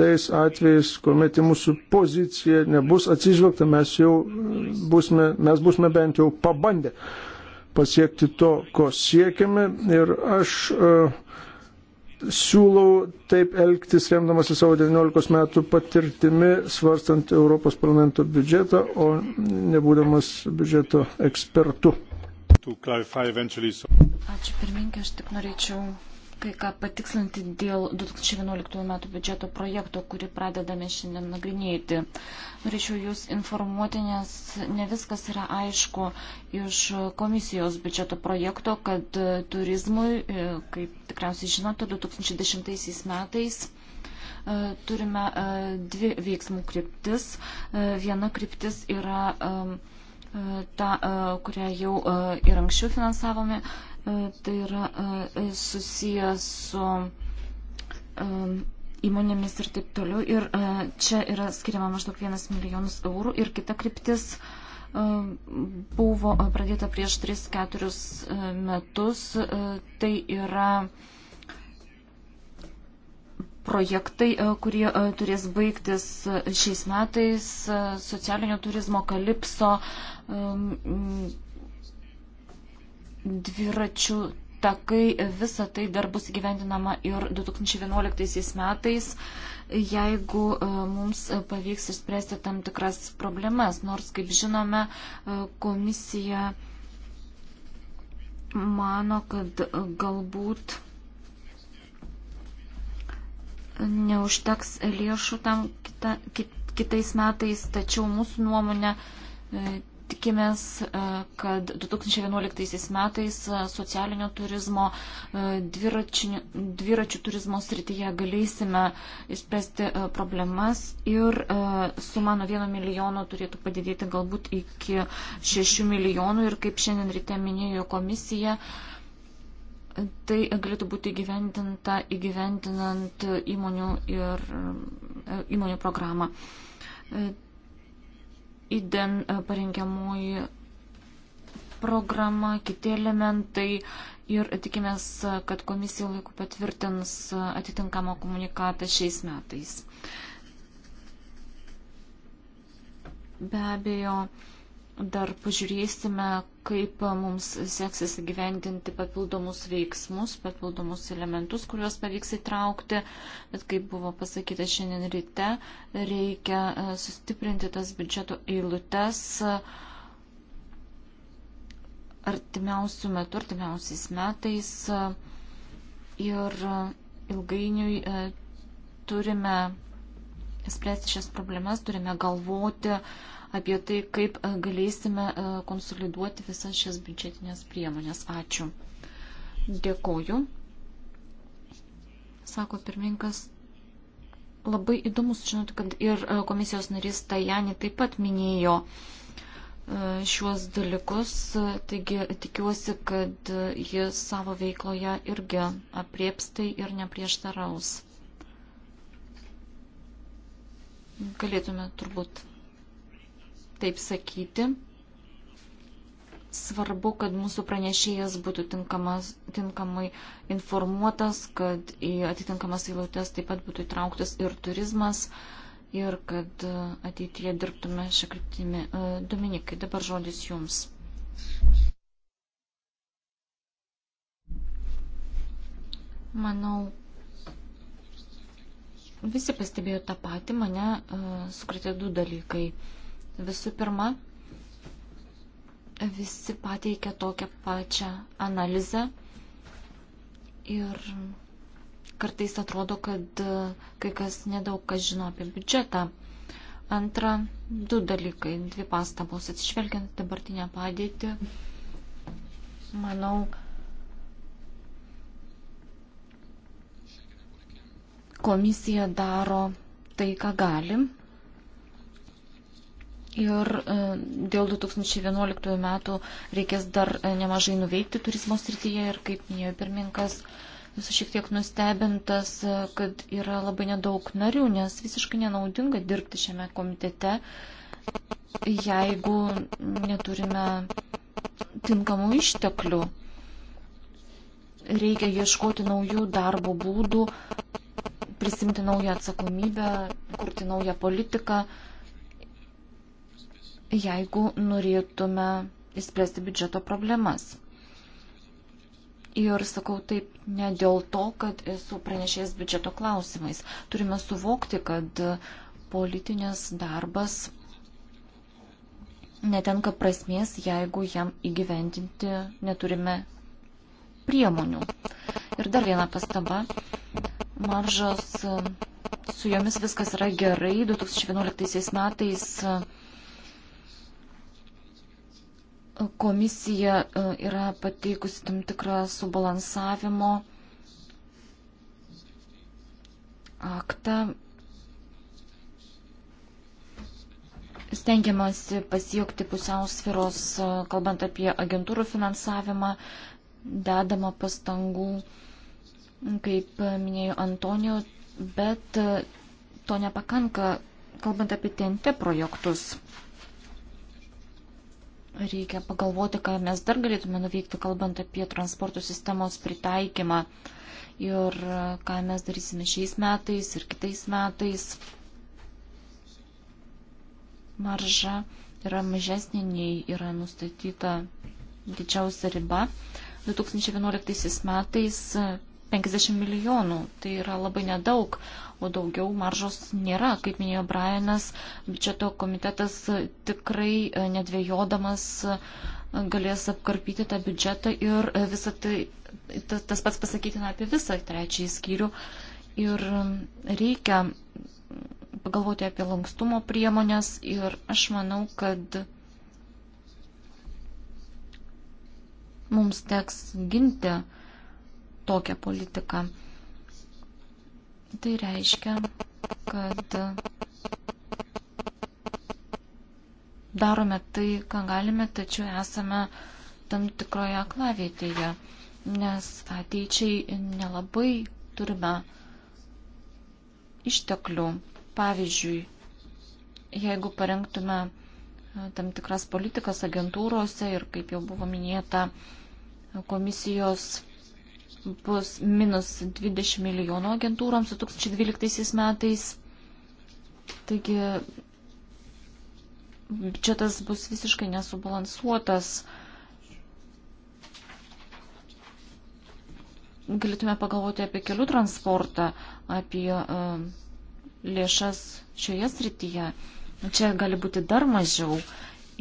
tais atvejais, kuomet į mūsų poziciją nebus atsižvelgta, mes jau e, būsime, mes būsime bent jau pabandę pasiekti to, ko siekiame. Ir aš uh, siūlau taip elgtis, remdamasi savo 19 metų patirtimi, svarstant Europos parlamento biudžetą, o nebūdamas biudžeto ekspertu. Ačiū pirmininkė, aš tik norėčiau kai ką patikslinti dėl 2011 metų biudžeto projekto, kurį pradedame šiandien nagrinėti. Norėčiau Jūs informuoti, nes ne viskas yra aišku iš komisijos biudžeto projekto, kad e, turizmui, e, kaip tikriausiai žinote, 2010 metais e, turime dvi veiksmų kryptis. Viena kryptis yra ta, kurią jau ir anksčiau finansavome E, tai yra e, susijęs su e, įmonėmis ir taip toliau. Ir čia yra skiriama maždaug vienas milijonus eurų. Ir kita kryptis buvo pradėta prieš 3-4 metus. Tai yra projektai, kurie turės baigtis šiais metais socialinio turizmo kalipso dviračių takai, visa tai dar bus gyvendinama ir 2011 metais, jeigu e, mums pavyks išspręsti tam tikras problemas. Nors, kaip žinome, e, komisija mano, kad e, galbūt neužteks lėšų tam kita, kit, kitais metais, tačiau mūsų nuomonė Tikimės, e, kad 2011 metais e, socialinio turizmo, e, dviračių, dviračių turizmo srityje galėsime išspręsti problemas ir suma nuo 1 milijono turėtų padidėti galbūt iki 6 milijonų ir kaip šiandien ryte minėjo komisija. Tai galėtų būti įgyvendinta įgyvendinant įmonių, ir, įmonių programą įden e, parengiamoji programa, kiti elementai ir tikimės, e, kad komisija laiku patvirtins e, atitinkamą komunikatą šiais metais. Be abejo, Dar pažiūrėsime, kaip mums seksis įgyvendinti papildomus veiksmus, papildomus elementus, kuriuos pavyks įtraukti. Bet kaip buvo pasakyta šiandien ryte, reikia e, sustiprinti tas biudžeto eilutes e, artimiausių metų, artimiausiais metais. E, ir ilgainiui turime spręsti šias problemas, turime galvoti, uh, apie tai, kaip e, galėsime e, konsoliduoti visas šias biudžetinės priemonės. Ačiū. Dėkoju. Sako pirmininkas. Labai įdomus žinoti, kad ir e, komisijos narys Tajani taip pat minėjo šiuos dalykus, taigi tikiuosi, kad jis savo veikloje irgi apriepstai ir neprieštaraus. Galėtume turbūt taip sakyti. Svarbu, kad mūsų pranešėjas būtų tinkamas, tinkamai informuotas, kad į atitinkamas eilutės taip pat būtų įtrauktas ir turizmas ir kad e, ateityje dirbtume šią kryptimį. E, Dominikai, dabar žodis jums. Manau, visi pastebėjo tą patį, mane uh, e, sukretė du dalykai. Uh, Visų pirma, visi pateikia tokią pačią analizę ir kartais atrodo, kad e, kai kas nedaug kas žino apie biudžetą. Antra, du dalykai, dvi pastabos. Atsižvelgiant dabartinę padėtį, manau, komisija daro tai, ką galim Ir e, dėl 2011 metų reikės dar e, nemažai nuveikti turizmo srityje ir, kaip minėjo pirmininkas, esu šiek tiek nustebintas, e, kad yra labai nedaug narių, nes visiškai nenaudinga dirbti šiame komitete, jeigu neturime tinkamų išteklių. Reikia ieškoti naujų darbo būdų, prisimti naują atsakomybę, kurti naują politiką jeigu norėtume įspręsti biudžeto problemas. Ir sakau taip ne dėl to, kad esu pranešėjęs biudžeto klausimais. Turime suvokti, kad politinis darbas netenka prasmės, jeigu jam įgyvendinti neturime priemonių. Ir dar viena pastaba. Maržos, su jomis viskas yra gerai. 2011 metais Komisija e, yra pateikusi tam tikrą subalansavimo aktą. Stengiamasi pasiekti pusiausviros, e, kalbant apie agentūrų finansavimą, dedama pastangų, kaip minėjo Antonijo, bet e, to nepakanka, kalbant apie TNT projektus. Reikia pagalvoti, ką mes dar galėtume nuveikti, kalbant apie transporto sistemos pritaikymą ir ką mes darysime šiais metais ir kitais metais. Marža yra mažesnė nei yra nustatyta didžiausia riba. 2011 metais 50 milijonų. Tai yra labai nedaug, o daugiau maržos nėra. Kaip minėjo Brianas, biudžeto komitetas tikrai e, nedvėjodamas e, galės apkarpyti tą biudžetą ir e, visą tai, tas pats pasakytina apie visą trečiąjį skyrių. Ir reikia pagalvoti apie lankstumo priemonės ir aš manau, kad mums teks ginti tokią politiką. Tai reiškia, kad darome tai, ką galime, tačiau esame tam tikroje aklavietėje, nes ateičiai nelabai turime išteklių. Pavyzdžiui, jeigu parengtume tam tikras politikas agentūrose ir, kaip jau buvo minėta, komisijos bus minus 20 milijonų agentūroms 2012 metais. Taigi biudžetas bus visiškai nesubalansuotas. Galėtume pagalvoti apie kelių transportą, apie uh, lėšas šioje srityje. Čia gali būti dar mažiau.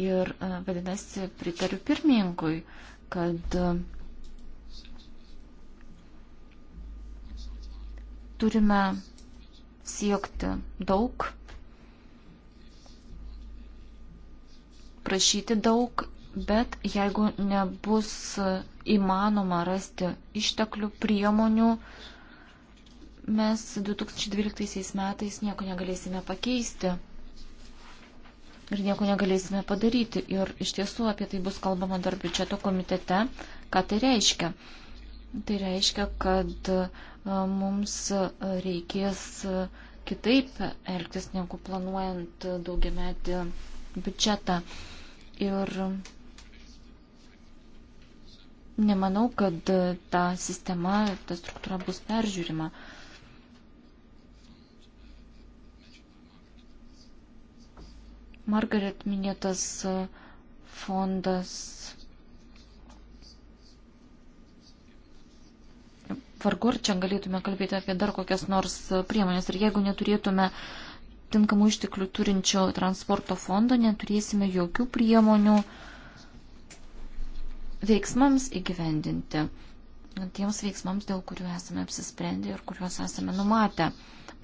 Ir uh, vadinasi, pritariu pirmininkui, kad uh, Turime siekti daug, prašyti daug, bet jeigu nebus įmanoma rasti išteklių priemonių, mes 2012 metais nieko negalėsime pakeisti ir nieko negalėsime padaryti. Ir iš tiesų apie tai bus kalbama dar biudžeto komitete, ką tai reiškia. Tai reiškia, kad mums reikės kitaip elgtis negu planuojant daugiametį biudžetą. Ir nemanau, kad ta sistema, ta struktūra bus peržiūrima. Margaret minėtas fondas vargu ar čia galėtume kalbėti apie dar kokias nors priemonės. Ir jeigu neturėtume tinkamų išteklių turinčio transporto fondo, neturėsime jokių priemonių veiksmams įgyvendinti. Tiems veiksmams, dėl kurių esame apsisprendę ir kuriuos esame numatę.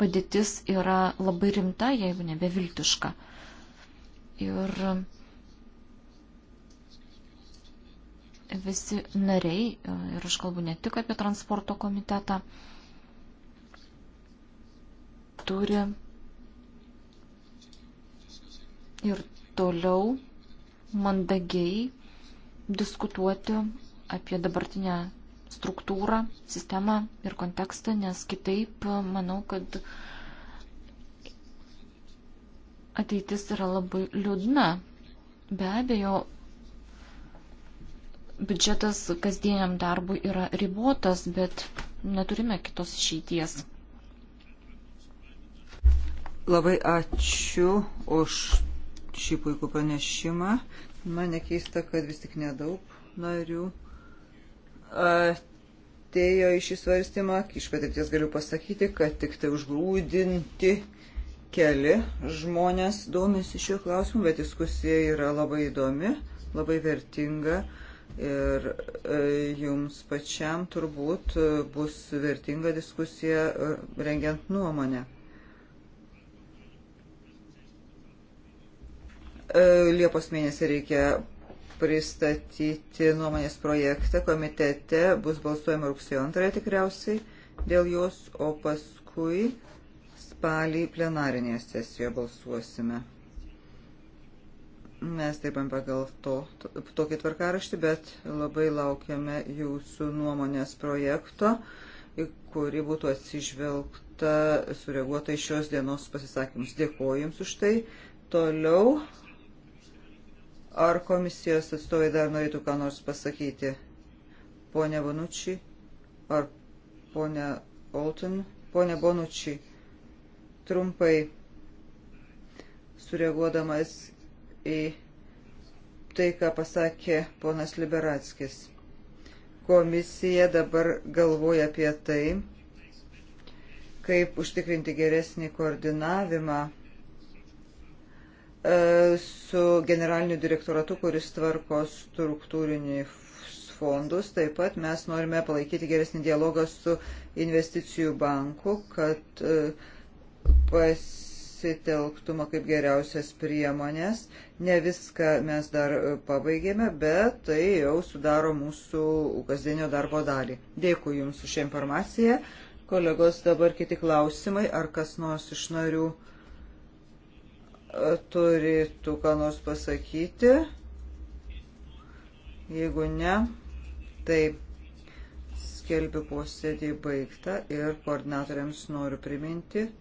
Padėtis yra labai rimta, jeigu nebeviltiška. Ir visi nariai, e, ir aš kalbu ne tik apie transporto komitetą, turi ir toliau mandagiai diskutuoti apie dabartinę struktūrą, sistemą ir kontekstą, nes kitaip e, manau, kad ateitis yra labai liūdna. Be abejo, biudžetas kasdieniam darbui yra ribotas, bet neturime kitos išeities. Labai ačiū už šį puikų pranešimą. Mane keista, kad vis tik nedaug narių atėjo iš įsvarstymą. Iš patirties galiu pasakyti, kad tik tai užgrūdinti keli žmonės domisi šiuo klausimu, bet diskusija yra labai įdomi, labai vertinga. Ir e, jums pačiam turbūt bus vertinga diskusija e, rengiant nuomonę. E, Liepos mėnesį reikia pristatyti nuomonės projektą komitete, bus balsuojama rugsėjo antrąją tikriausiai dėl jos, o paskui spalį plenarinėje sesijoje balsuosime. Mes taipam pagal to, to, tokį tvarkaraštį, bet labai laukiame jūsų nuomonės projekto, kuri būtų atsižvelgta, sureaguota į šios dienos pasisakymus. Dėkuoju Jums už tai. Toliau, ar komisijos atstovai dar norėtų ką nors pasakyti? Pone Bonucci, ar pone Olton? Pone Bonucci, trumpai sureaguodamas į tai, ką pasakė ponas Liberatskis. Komisija dabar galvoja apie tai, kaip užtikrinti geresnį koordinavimą e, su generaliniu direktoratu, kuris tvarko struktūrinį fondus. Taip pat mes norime palaikyti geresnį dialogą su investicijų banku, kad e, pas pasitelktumo kaip geriausias priemonės. Ne viską mes dar pabaigėme, bet tai jau sudaro mūsų kasdienio darbo dalį. Dėkui Jums už šią informaciją. Kolegos, dabar kiti klausimai, ar kas nors iš narių e, turėtų ką nors pasakyti. Jeigu ne, tai skelbiu posėdį baigtą ir koordinatoriams noriu priminti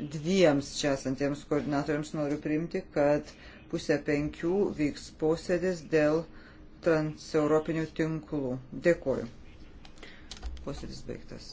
dviems čia esantiems koordinatoriams noriu priimti, kad pusę penkių vyks posėdis dėl transeuropinių tinklų. Dėkuoju. Posėdis baigtas.